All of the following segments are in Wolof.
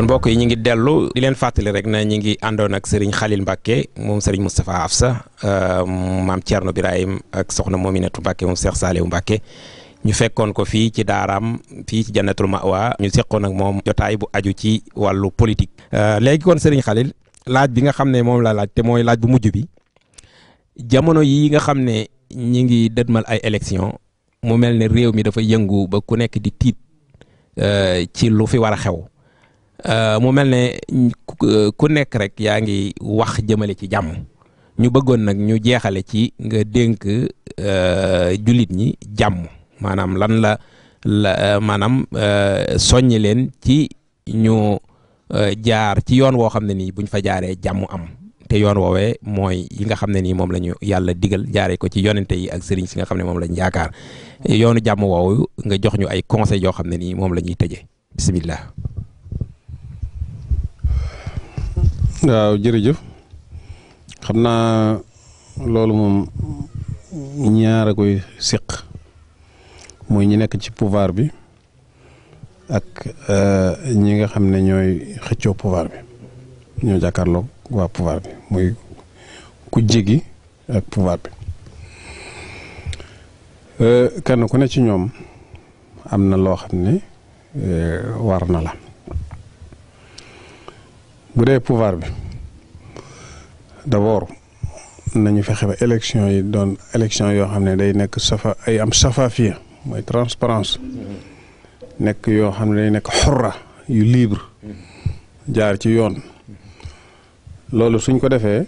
kon mbokk yi ñu ngi dellu di leen fàttali rek na ñu ngi àndoon ak sëriñ Khalil Mbacke moom Serigne Moustapha Afsa euh, maam Thierno Birahim ak soxna Mominatou Mbacke moom Cheikh Saliou Mbacke ñu fekkoon ko fii ci daaraam fii ci Jannatul Ma'wa ñu seqoon ak moom jotaay bu aju ci wàllu politique. Euh, léegi kon Serigne Khalil laaj bi nga xam ne moom laa laaj te mooy laaj bu mujj bi jamono yi nga xam ne ñu ngi dëdmal ay élections mu mel ne réew mi dafa yëngu ba ku nekk di tiit euh, ci lu fi war xew. Euh, mu mel ne ku nekk rek yaa ngi wax jëmale ci jàmm ñu bëggoon nag ñu jeexale ci nga dénk euh, jullit ñi jàmm maanaam lan la la maanaam euh, soññi leen ci ñu jaar ci yoon woo xam ne nii buñ fa jaaree jàmm am te yoon woowee mooy yi nga xam ne nii moom la yàlla digal jaaree ko ci yonente yi ak sëriñ si nga xam ne moom lañ yaakaar yoonu jàmm woowu nga jox ñu ay conseils yoo xam ne nii moom la ñuy tëjee bisimilah. waaw jërëjëf xam naa loolu moom ñaar a koy seq mooy ñu nekk ci pouvoir bi ak euh, ñi nga xam ne ñooy xëccoo pouvoir bi ñoo jàkkaarloo waa pouvoir bi muy ku jégi ak pouvoir bi euh, kenn ku ne ci ñoom am na loo xam ne euh, war na la bu dee pouvoir bi d'abord nañu fexe ba élection yi doon élection yoo xam ne day nekk safa ay am safafiya mooy transparence nekk yoo xam ne day nekk xurra yu libre jaar ci yoon loolu suñ ko defee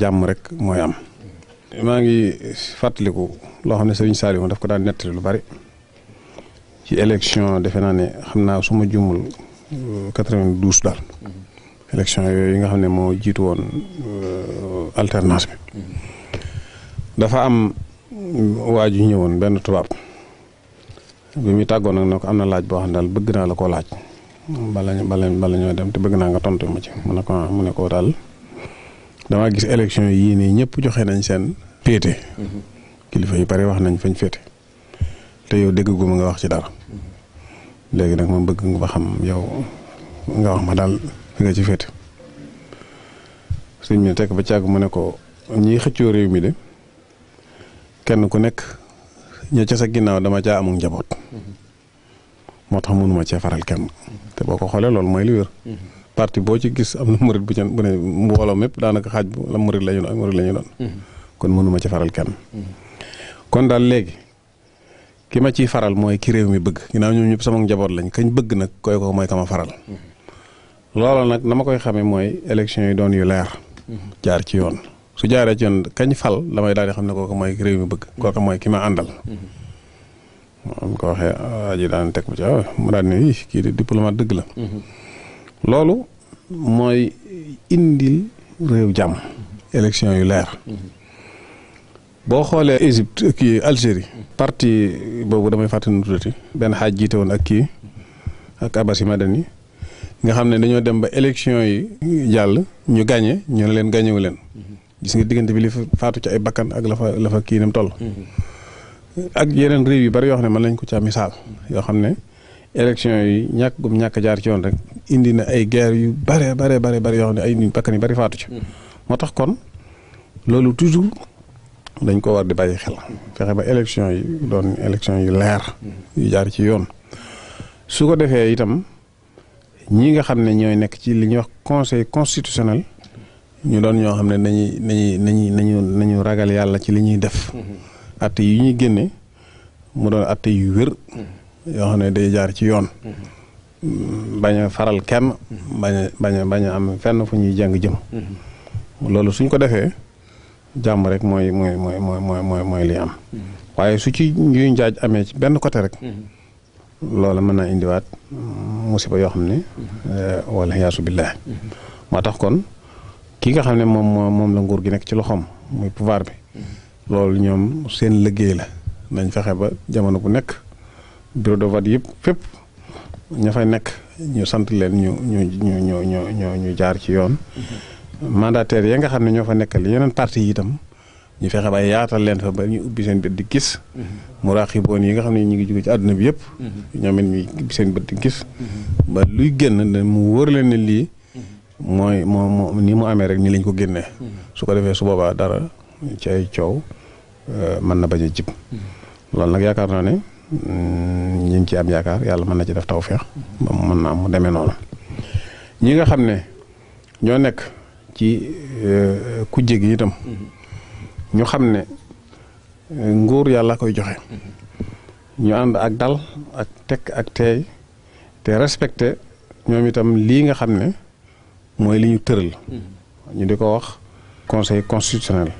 jàmm rek mooy am maa ngi fàttaliku loo xam ne Serigne Saliou daf ko daan nettali lu bari ci élection defe naa ne xam naa suma ma jumul 92 euh, daal élection yooyu nga xam ne moo jiitu woon euh, alternance bi dafa am waa ju ñëwoon benn tubaab bi muy tàggoon nag na ko am na laaj boo xam ne daal bëgg naa la koo laaj bala bala bala ñoo dem te bëgg naa nga tontu ma ci mu ne ko mu ne ko daal damaa gis élection yii nii ñëpp joxe nañ seen féete mm-hmm. kilifa yu bari wax nañ fañ féete te yow dégg guma nga wax ci dara mm-hmm. léegi nag moom bëgg nga ba xam yow nga wax ma daal fi nga ci féete sëñ bi tekk ba càgg mu ne ko ñiy xëccoo réew mi de kenn ku nekk ña ca sa ginnaaw dama caa amul njaboot moo tax mënuma cee faral kenn te boo ko xoolee loolu mooy li parti boo ci gis am na bu ca bu ne mbooloo mépp daanaka xaaj la murit la ñu doon murit doon kon mënuma ci faral kenn kon daal léegi ki ma ciy faral mooy ki réew mi bëgg ginnaaw ñoom ñëpp sama njaboot lañ kañ bëgg nag koy ko mooy kama faral loola nag na ma koy xamee mooy élection yi doon yu leer. jaar ci yoon su jaaree ci yoon fal damay daal di xam ne kooku mooy réew mi bëgg. kooku mooy ki ma àndal. ko waxee teg bu ci waaw ah, mu kii di diplomate dëgg la. loolu mooy indil réew jàmm. élection yu leer. boo xoolee Égypte kii Algérie. parti boobu damay fàttali nu tuddati benn xaaj jiite woon ak kii ak Abassi Madani nga xam ne dañoo dem ba élection yi jàll ñu gàñe ñu ne leen gàñewu leen gis nga diggante bi li faatu ci ay bakkan ak la fa la fa kii nam toll ak yeneen réew yu bari yoo xam ne mën nañ ko ca misaal yoo xam ne élection yi ñàkk ñàkk jaar ci yoon rek indi na ay guerre yu bare bare bare bare yoo xam ne ay nit bakkan yu bari faatu ci moo tax kon loolu toujours dañ ko war di bàyyi xel fexe ba élection yi doon élection yu leer yu jaar ci yoon su ko defee itam ñii nga xam ne ñooy nekk ci li ñuy wax conseil constitutionnel ñu doon ñoo xam ne nañuy nañuy nañuy nañu nañu ragal yàlla ci li ñuy def mm-hmm. atte yu ñuy génne mu doon atte yu wér mm-hmm. yoo xam ne day jaar ci yoon mm-hmm. bañ a faral kenn bañ a bañ bañ am fenn fu ñuy jàng jëm loolu suñ ko defee jàmm rek mooy mooy mooy mooy mooy mooy li am waaye su ci yuy njaaj amee ci benn côté rek loola mën naa indiwaat musiba yoo xam ne euh, wala yaasu billah moo tax kon ki nga xam ne moom moom la nguur gi nekk ci loxoom muy pouvoir bi loolu ñoom seen liggéey la nañ fexe ba jamono bu nekk bureau de vote yëpp fépp ña fay nekk ñu sant leen ñu ñu ñu ñu ñu ñu jaar ci yoon mm-hmm. mandataire ya nga xam ne ñoo fa nekkal yeneen parti yi itam ñu fexe ba yaatal leen fa ba ñu ubbi seen bët di gis. mu raxiboon yi nga xam ne ñu ngi jóge ci àdduna bi yëpp. ñoom seen bët di gis. ba luy génn da mu wóor leen ne lii. mooy moo moo mu amee rek ni lañ ko génnee. su ko defee su boobaa dara ci ay coow euh, mën na bañ a loolu nag yaakaar naa ne mm, ñu ngi ci am yaakaar yàlla mën na ci def tawféex. ba mën naa mu demee noonu. ñi nga xam ne ñoo nekk ci euh, kujje gi itam. ñu xam ne euh, nguur yàlla koy joxe ñu ànd ak dal ak tekk ak teey te respecté ñoom itam lii nga xam ne mooy li ñu tëral ñu di ko wax conseil constitutionnel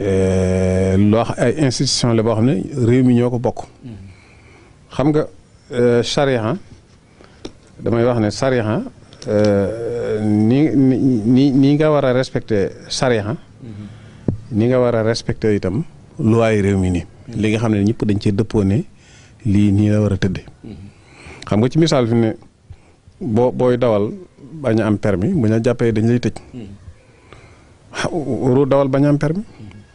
euh, loo xam ay institution la boo xam ne réew mi ñoo ko bokk xam nga euh, charia damay wax ne charia ni ni ni nga war a respecté charia ni nga war a respecté itam luwaay réew mi nii li nga xam ne ñëpp dañ cee dëppoone lii nii la war a tëddee. xam nga ci misaal fi ne boo booy dawal bañ a am permis bu ñu jàppee dañ lay tëj. waroo dawal bañ am permis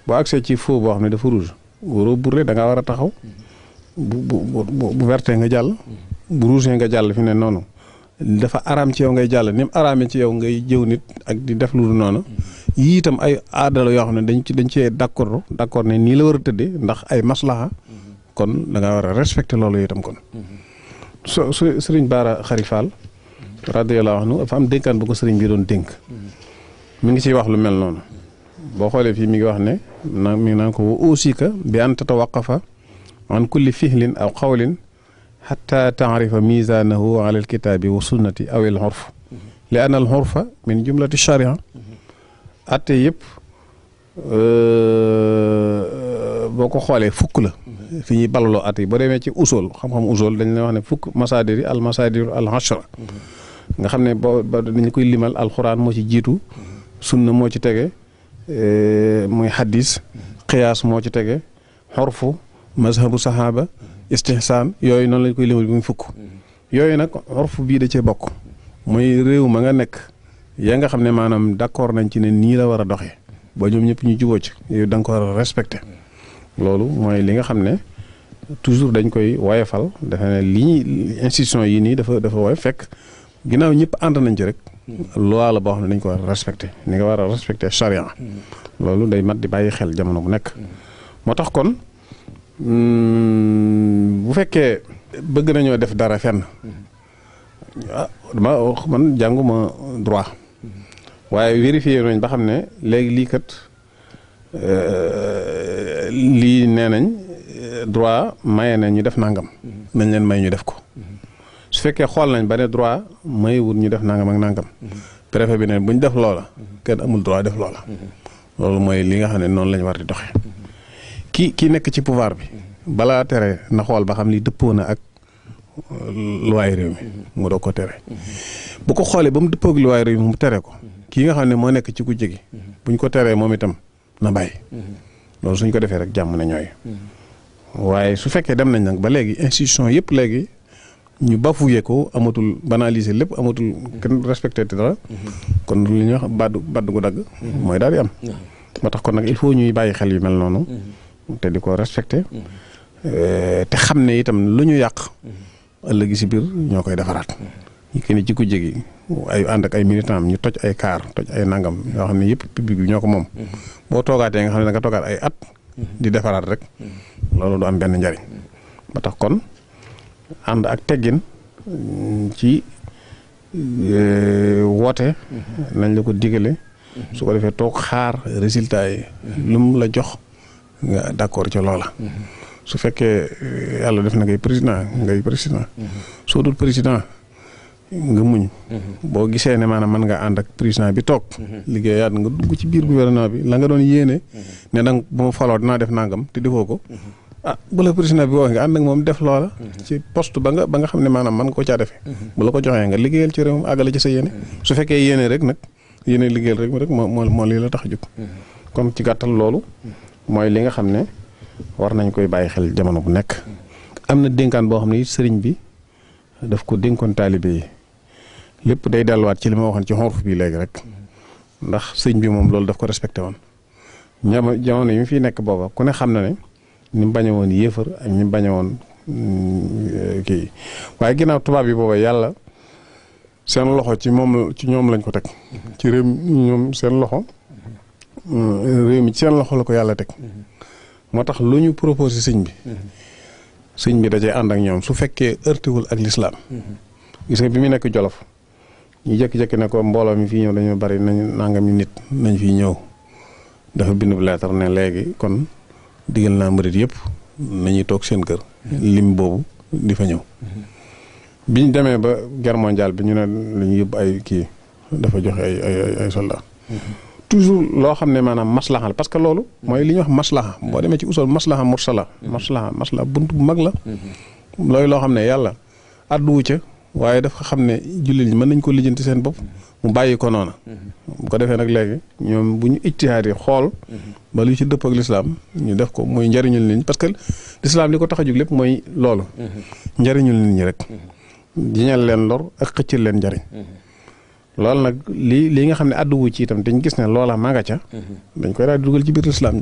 boo agsee ci feu boo xam ne dafa rouge waroo burre da ngaa war a taxaw bu bu bu bu verte nga jàll. bu rouge nga jàll fi ne noonu. dafa araam ci yow ngay jàll ni mu araamee ci yow ngay jëw nit ak di def lu noonu yii itam ay aada yoo xam ne dañ ci dañ cee d'accord d'accord ne nii la war a tëdde ndax ay maslaha kon da ngaa war a respecter loolu itam kon. so su sëriñ Baara Xari Fall. radiyallahu anhu dafa am dénkaan bu ko sëriñ bi doon dénk. mu ngi ciy wax lu mel noonu. boo xoolee fii mi ngi wax ne na mi ngi naan ko aussi que bi fa tatawaqafa an kulli fihlin aw xawlin xatta taarifa misaanahu ala alkitaabi wa sunnati aw al xurf li an al xurfa min jumlati sharia atte yëpp euh, boo ko xoolee fukk la fi ñuy balaloo at yi boo demee ci usul xam-xam usul dañ la wax ne fukk masadir yi al masadir al hashra nga xam ne boo dañ koy limal alxuraan moo ci jiitu sunna moo ci tege euh, muy xadis qiyaas moo ci tege xorfu mazhabu sahaaba istihsaan yooyu noonu lañ koy limal bi mu fukk yooyu nag orf bii da cee bokk mooy réew ma nga nekk yaa nga xam ne maanaam d'accord nañ ci ne nii la war a doxee boo ñoom ñëpp ñu juboo ci yow da nga ko war a respecté loolu mooy li nga xam ne toujours dañ koy woyefal dafa ne lii institution yi nii dafa dafa woy fekk ginnaaw ñëpp ànd nañ ci rek loi la boo xam ne dañ ko war a respecté ni nga war a respecté charia mm. loolu day mat di bàyyi xel jamono bu nekk mm. moo tax kon Hmm, bu fekkee bëgg nañoo def dara fenn ah dama man jànguma droit waaye vérifié nañ ba xam ne léegi lii kat euh, lii nee nañ euh, droit maye na ñu def nangam. nañ leen may ñu def ko. su fekkee xool nañ ba ne droit mayewul ñu def nangam ak nangam. préfet bi ne bu ñu def loola. kenn amul droit def loola. loolu mooy li nga xam ne noonu la ñu war di doxee. ki ki nekk ci pouvoir bi balaa tere na xool ba xam li dëppoo na ak euh, luwaay réew mi mu doog ko tere bu ko xoolee ba mu dëppoo ak luwaay réew mi mu tere ko kii nga xam ne moo nekk ci ku jege buñ ko teree moom itam na bàyyi loolu suñ ko defee rek jàmm na ñooy waaye su fekkee dem nañ nag ba léegi institution yëpp léegi ñu bafouillé ko amatul banaliser lépp amatul kenn respecté te dara kon li ñuy wax baddu baddu gu dagg mooy daal di am moo tax ko nag il faut ñuy bàyyi xel yu mel noonu te di ko respecté eh, te xam ne itam lu ñu yàq ëllëg si biir ñoo koy defaraat ñu kenn ci ku jegi ay ànd ak ay militant ñu toj ay kaar toj ay nangam yoo xam ne yëpp public bi ñoo ko moom boo toogaatee nga xam ne da nga ay at di defaraat rek loolu du am benn njariñ ba tax kon ànd ak teggin mm, ci eh, woote nañ la ko digale su ko defee toog xaar résultat yi lum la jox nga d'accord ci loola. su fekkee eh, yàlla def na ngay président ngay président. soo dul président nga muñ. boo gisee ne maanaam mën nga ànd ak président bi toog. liggéeyaat nga dugg ci biir gouvernement bi la nga doon yéene. ne danga bu ma faloo dinaa def nangam te defoo ko. ah bu la président bi wax nga ànd ak moom def loola. ci post ba nga ba xam ne maanaam mën ko caa defee. bu la ko joxee nga liggéeyal ci réewam àggale ci sa yéene. su fekkee yéene rek nag yéene liggéeyal rek rek moo moo moo lii la tax a jóg. kon ci gàttal loolu. mooy li nga xam ne war nañ koy bàyyi xel jamono bu nekk. am na dénkaan boo xam ne sëriñ bi daf ko dénkoon taalibe yi lépp day delluwaat ci li ma waxoon ci xonf bii léegi rek ndax sëriñ bi moom loolu daf ko respecté woon. ñama jamono yi fi nekk booba ku xam na ne ni bañ woon yéefar ak ni woon mm, kii waaye ginnaaw tubaab yi booba yàlla seen loxo ci moom ci ñoom lañ ko teg. ci réew ñoom seen loxo. Euh, réew mi ci seen loxo la ko yàlla teg. Mhm. moo tax lu ñu proposé sëñ bi. Mhm. sëñ bi da ànd ak ñoom su fekkee ërtiwul ak lislaam mhm. gis nga bi mu nekk Jolof. ñu jékki-jékki ne ko mbooloo mi fii ñëw dañoo bari nañu mi nit nañ fi ñëw dafa bindu leetar ne léegi kon digal naa murit yëpp nañuy toog seen kër. lim boobu di fa ñëw. bi ñu demee ba guerre mondiale bi ñu ne la ñu yóbbu ay kii dafa joxe ay ay toujours loo xam ne maanaam maslaha la parce que loolu mooy li ñuy wax maslaha mm-hmm. boo demee ci usul maslaha mursala mm-hmm. maslaha maslaha bunt bu mag la mm-hmm. looy loo xam ne yàlla àdduwu ca waaye dafa xam ne jullit ñi mën nañ ko lijjanti seen bopp mu bàyyi ko noona bu ko defee nag léegi ñoom bu ñu ijtihaad yi xool ba lu ci dëpp ak lislaam ñu def ko muy njariñul nit ñi parce que lislaam li ko tax a jóg lépp mooy loolu njariñul nit ñi rek jiñal leen lor ak xëccal leen njariñ loolu nag lii lii nga xam ne àdduwu ci itam dañ gis ne loola maa nga ca. Mhm. dañ koy daal dugal ci biir lislaam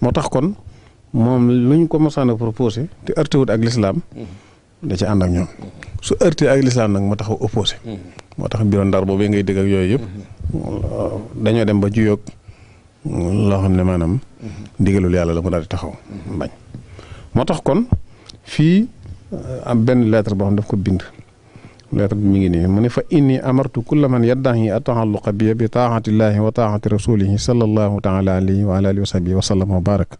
moo tax kon moom lu ñu ko mosaan a proposé te ërtewut ak lislaam mhm. da ci ànd ak ñoom mhm. su ërtee ak lislaam nag moo taxaw opposé. moo tax mbiroon ndar boobee ngay dégg ak yooyu yëpp. dañoo dem ba juyoog loo xam ne maanaam. ndigalul yàlla la mu daal di taxaw. bañ moo tax kon fii am benn lettre boo xam daf ko bind. lettre bi mi ngi nii mu ne fa inni amartu kulla man yaddahi ataalluqa bi bi taatillahi wa taati rasulihi sallallahu taala alayhi wa ala alihi wa sahbihi wa sallam wa barak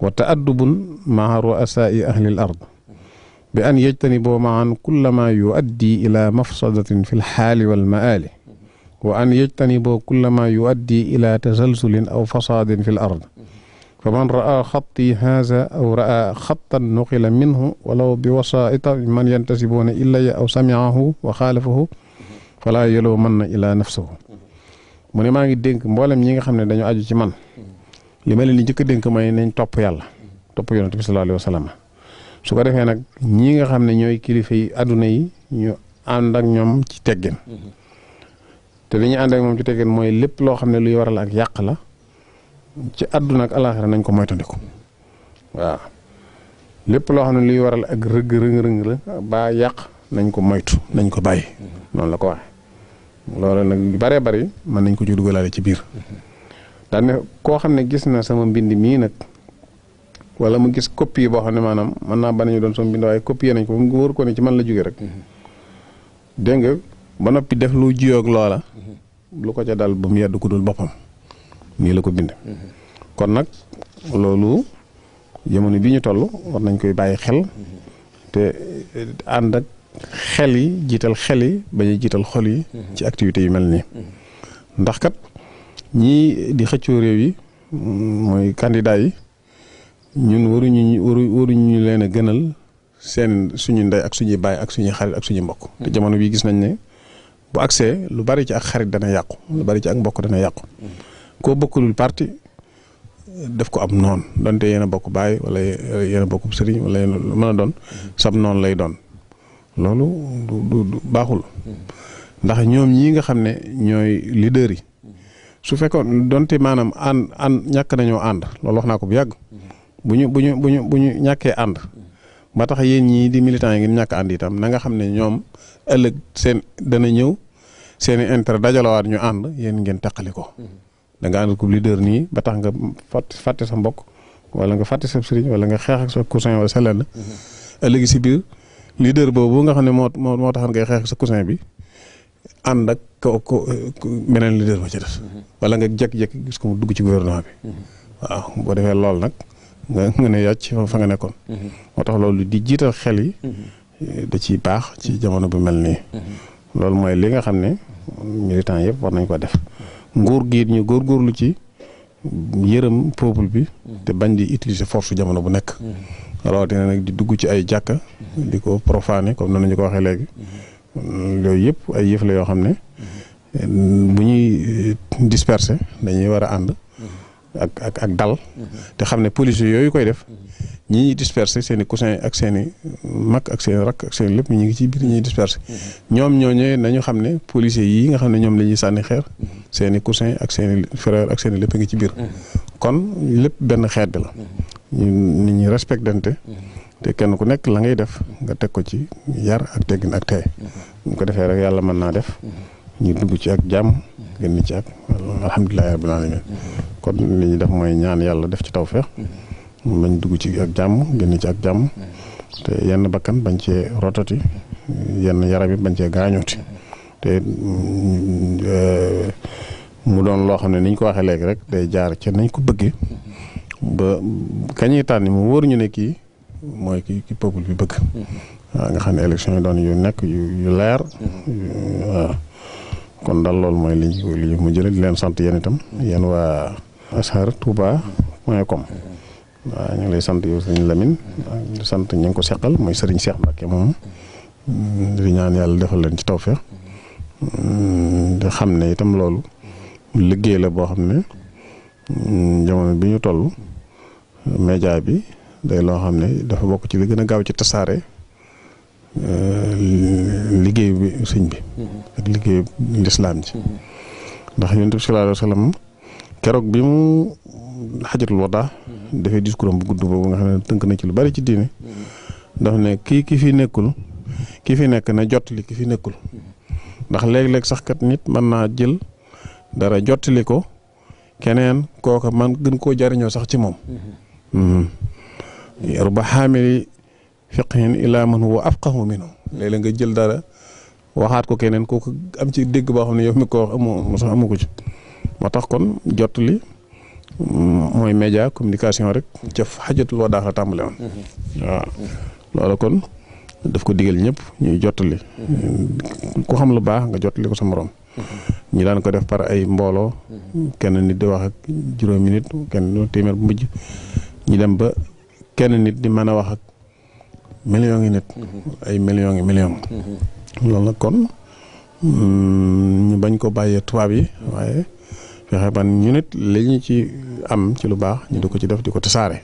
wa taaddubun maa ruasai ahli l ard bi an yajtaniboo maan kulla ma yuaddi ila mafsadatin fi lxaali walmaali wa an yajtaniboo kulla ma yuaddi ila tasalsulin aw fasaadin fi l ard fa man raa xatti haza aw raa xattan nuqila minhu walaw bi wasaita man yantasibuuna ilaya aw samiahu wa xaalafahu falaa yeloo mën na ilaa nafsahu mu ne maa ngi dénk mboolem ñi nga xam ne dañu aju ci man li ma leen di njëkk a dénk mooy nañ topp yàlla topp yonent bi sallallahu alayhi wa su ko defee nag ñi nga xam ne ñooy kilifa yi àdduna yi ñu ànd ak ñoom ci teggin te li ñu ànd ak moom ci teggin mooy lépp loo xam ne luy waral ak yàq la ci àdduna ak alaaxira nañ ko moytandiku waaw lépp loo xam ne luy waral ak rëgg rëng rëng la ba yàq nañ ko moytu nañ ko bàyyi noonu la ko waxee loolu nag yu baree bari mën nañ ko ci dugalaale ci biir daane koo xam ne gis na sama mbind mii nag wala mu gis copie boo xam ne maanaam mën naa banañu doon sama mbind waaye copie nañ ko mu wóor ko ne ci man la jóge rek dégg nga ba noppi def lu jiyoog loola lu ko ca dal ba mu yedd ku dul boppam nii la ko bind. kon nag loolu jamono bi ñu toll war nañ koy bàyyi xel. te ànd ak xel yi jiital xel yi ba ñu jiital xol yi. ci activités yu mel nii. ndax kat ñii di xëccoo réew yi mooy candidat yi ñun waruñu waru ñu leen a gënal. seen suñu ndey ak suñuy baay ak suñuy xarit ak suñuy mbokk. te jamono bii gis nañ ne bu agsee lu bari ci ak xarit dana yàqu lu bari ci ak mbokk dana yàqu. koo bokkulul parti def ko am noon donte yéen a bokk baay walla yéen a bokk sëriñ wala yéen lu mën a doon sam noon lay doon loolu baaxul ndax ñoom ñii nga xam ne ñooy leader yi su fekkoon donte maanaam ànd ànd ñàkk nañoo ànd loolu wax naa ko bu yàgg bu ñu bu ñu bu ñu bu ñu ñàkkee ànd ba tax yéen ñii di militant yi ngeen ñàkk ànd itam na nga xam ne ñoom ëllëg seen dana ñëw seen i intérêt dajalawaat ñu ànd yéen ngeen teqali ko. da nga ko leader nii ba tax nga fàtte fàtte sa mbokk wala nga fàtte sa sëriñ wala nga xeexak sa cousin wala sa lenn. Mm-hmm. léegi si biir leader boobu nga xam ne moo moo moo taxoon ngay xeex sa cousin bi ànd ak ko ko beneen leader ba ci def. Mm-hmm. wala nga jékki gis ko dugg ci gouvernement bi. Mm-hmm. waaw boo defee loolu nag nga nga ne fa nga nekkoon. moo tax loolu di jiital xel yi. da ci baax ci jamono bu mel nii. loolu mooy li nga xam ne militant yëpp war nañ ko def. nguur gi ñu góor góorlu ci yërëm peuple bi. te bañ di utiliser force jamono bu nekk. Mm-hmm. rawatina nag di dugg ci ay jàkka. di ko profané comme noonu ñu ko waxee léegi. Mm-hmm. yooyu yëpp ay yëf yoo xam ne. Mm-hmm. bu ñuy eh, disperser dañuy war a ànd. ak ak ak dal. te xam ne policiers yooyu koy def. ñi ñuy disperser seen i cousin ak seen i mag ak seen i rakk ak seen lépp ñu ngi ci biir ñi ñuy disperser. ñoom ñoo ñëwee nañu xam ne policiers yii nga xam ne ñoom la ñuy sànni xeer. seen i cousin ak seeni ak seen i lépp ngi ci biir. Mm-hmm. kon lépp benn xeet bi la. Mm-hmm. nit ñi respectante. Mm-hmm. te kenn ku nekk la ngay def nga teg ko ci yar ak teggin ak tey. bu ko defee rek yàlla mën naa def. ñu dugg ci ak jàmm. génn ci ak alhamdulilah rabbil alamin kon li ñu def mooy ñaan yàlla def ci tawfeex. bañ dugg ci ak jàmm génn ci ak jàmm. te yenn bakkan bañ cee rotati yenn yaram yi bañ cee gaañooti. te mm, mm, eh, mu doon loo xam ne ni ñu ko waxee léegi rek day jaar ci nañ ko bëggee ba kañuy mu wóor ñu ne kii mooy ki ki peuple bi bëgg. Mm-hmm. waaw nga xam ne élection yi doon yu nekk yu yu leer. Mm-hmm. kon daal loolu mooy liñ mu jëlee di leen sant yéen itam yéen waa Asar Touba point com. Mm-hmm. waaw ñu ngi lay sant yow sëriñ Lamine sant ñu ngi ko seqal mooy sëriñ Cheikh Mbacke moom di ñaan yàlla defal leen ci tawfeex. di mm, xam ne itam loolu liggéey la boo xam ne mm, jamono bi ñu toll média bi day loo xam ne dafa bokk ci li gën a gaaw ci tasaare euh, liggéey bi sëñ bi mm-hmm. ak liggéey lislaam ji mm-hmm. ndax yonent bi sallallahu keroog bi mu xajatul wadaa mm-hmm. dafay discours am bu gudd nga xam ne tënk na ci lu bari ci diine daf ne kii ki fi nekkul kii fi nekk na jot li ki fi nekkul ndax léeg-léeg sax kat nit mën naa jël dara jottali ko keneen kooka man gën koo jariñoo sax ci moom mm-hmm. mm-hmm. ruba xaamili fiqhin ilaa man woo afqahu minhu léeg-léeg nga jël dara waxaat ko keneen kooku am ci dégg boo xam ne yow mi ko wax amu sax amu ko ci moo tax kon jottali mooy média communication rek ca xajatul wadaax la tàmbale woon mm-hmm. waaw loolu kon def ko digal ñëpp ñuy jottali. ko xam lu baax nga jottali ko sa moroom ñu daan ko def par ay mbooloo. kenn nit di wax ak juróomi nit kenn téeméer bu mujj. ñu dem ba kenn nit di mën a wax ak millions yi nit. ay millions yi millions. loolu nag kon mm, ñu bañ ko bàyyee tubaab yi waaye. fexe ban ñu nit li ci am ci lu baax ñu di ko ci def di ko tasaare.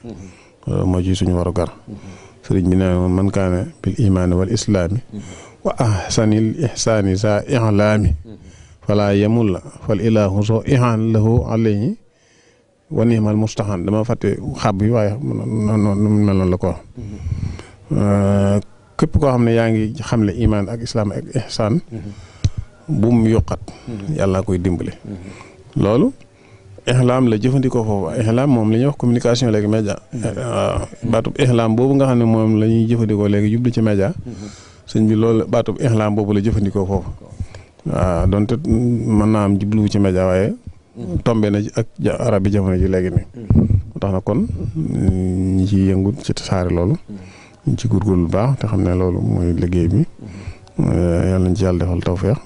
moo ci suñu warugar. sëriñ bi nee woon man kaana bil imaani wal islaami wa ahsanil ihsaani saa ihlaami fala yamul fal ilaahu soo ihaan lahu alayhi wa ni'mal mustahan dama fàtte xab yi waaye noonu mel noonu la ko euh, képp koo xam ne yaa ngi xamle imaan ak islaam ak ihsaan mhm. bu yokkat mhm. yàlla koy dimbale mhm. loolu ixlaam la jëfandikoo foofu ixlaam moom li ñuy wax communication léegi média waaw mm-hmm. baatub boobu nga xam ne moom la ñuy jëfandikoo léegi jublu ci média mm-hmm. sëñ bi loolu baatub ixlaam boobu la jëfandikoo foofu waaw mën naa am jubluwu ci média waaye mm-hmm. tombe na ak arab jamono ji léegi kon ñi ci yëngu ci tasaare ci góorgóorlu bu baax te xam ne loolu mooy liggéey bi yàlla nañ ci yàlla defal tawféex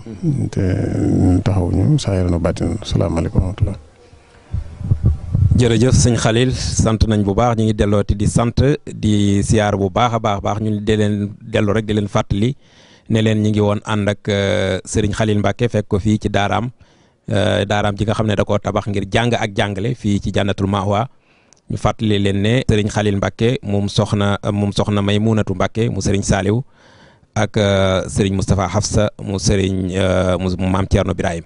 te taxaw ñu saa yore na bàttin salaamaaleykum wa rahmatullah jërëjëf sëñ Khalil sant nañ bu baax ñu ngi dellooti di sant di siyaar bu baax a baax baax ñu di leen dellu rek di leen fàttali ne leen ñu ngi woon ànd ak euh, sëriñ Khalil Mbacke fekk ko fii ci daaraam euh, daaram ji nga xam ne da ko tabax ngir jàng ak jàngale fii ci jànnatul Mahwa ñu fàttali leen ne seriñ Khalil Mbacke moom soxna moom soxna Maymunatu Mbacke mu sëriñ saaliw ak euh, sëriñ Moustapha Hafsa mu sëriñ mu maam Thierno Birahim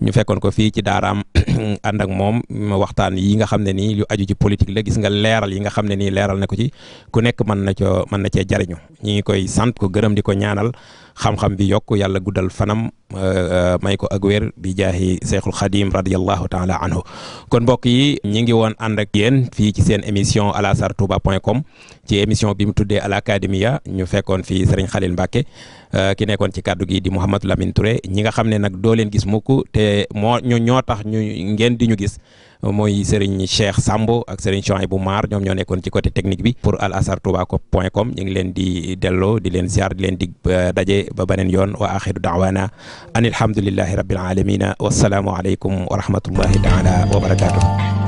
ñu fekkoon ko fii ci daaraam ànd ak moom waxtaan yi nga xam ne nii aju ci politique la gis nga leeral yi nga xam ne nii leeral na ko ci ku nekk mën na coo mën na cee jariñu ñu ngi koy sant ko gërëm di ko ñaanal xam-xam bi yokk yàlla guddal fanam euh, euh, may ko ak wér bi jaahi Seexul Xadim radiyallahu taala anhu kon mbokk yi ñi ngi woon ànd ak yéen fii ci seen émission alasar touba point com ci émission bi mu tuddee al academia ñu fekkoon fii Serigne Khalil Mbacke euh, ki nekkoon ci kàddu gi di Mouhamadou Lamine Touré ñi nga xam ne nag doo leen gis mukk te moo ñu ñoo tax ñu ngeen di ñu gis mooy Serigne Cheikh Sambo ak Serigne bu Mar ñoom ñoo nekkoon ci côté technique bi pour alasar leen di delloo di leen jàppale ba beneen yoon wa axiru daawaana an alhamdulillahi rabbil alamina wasalaamu aleykum wa rahmatullahi taala wa barakaatu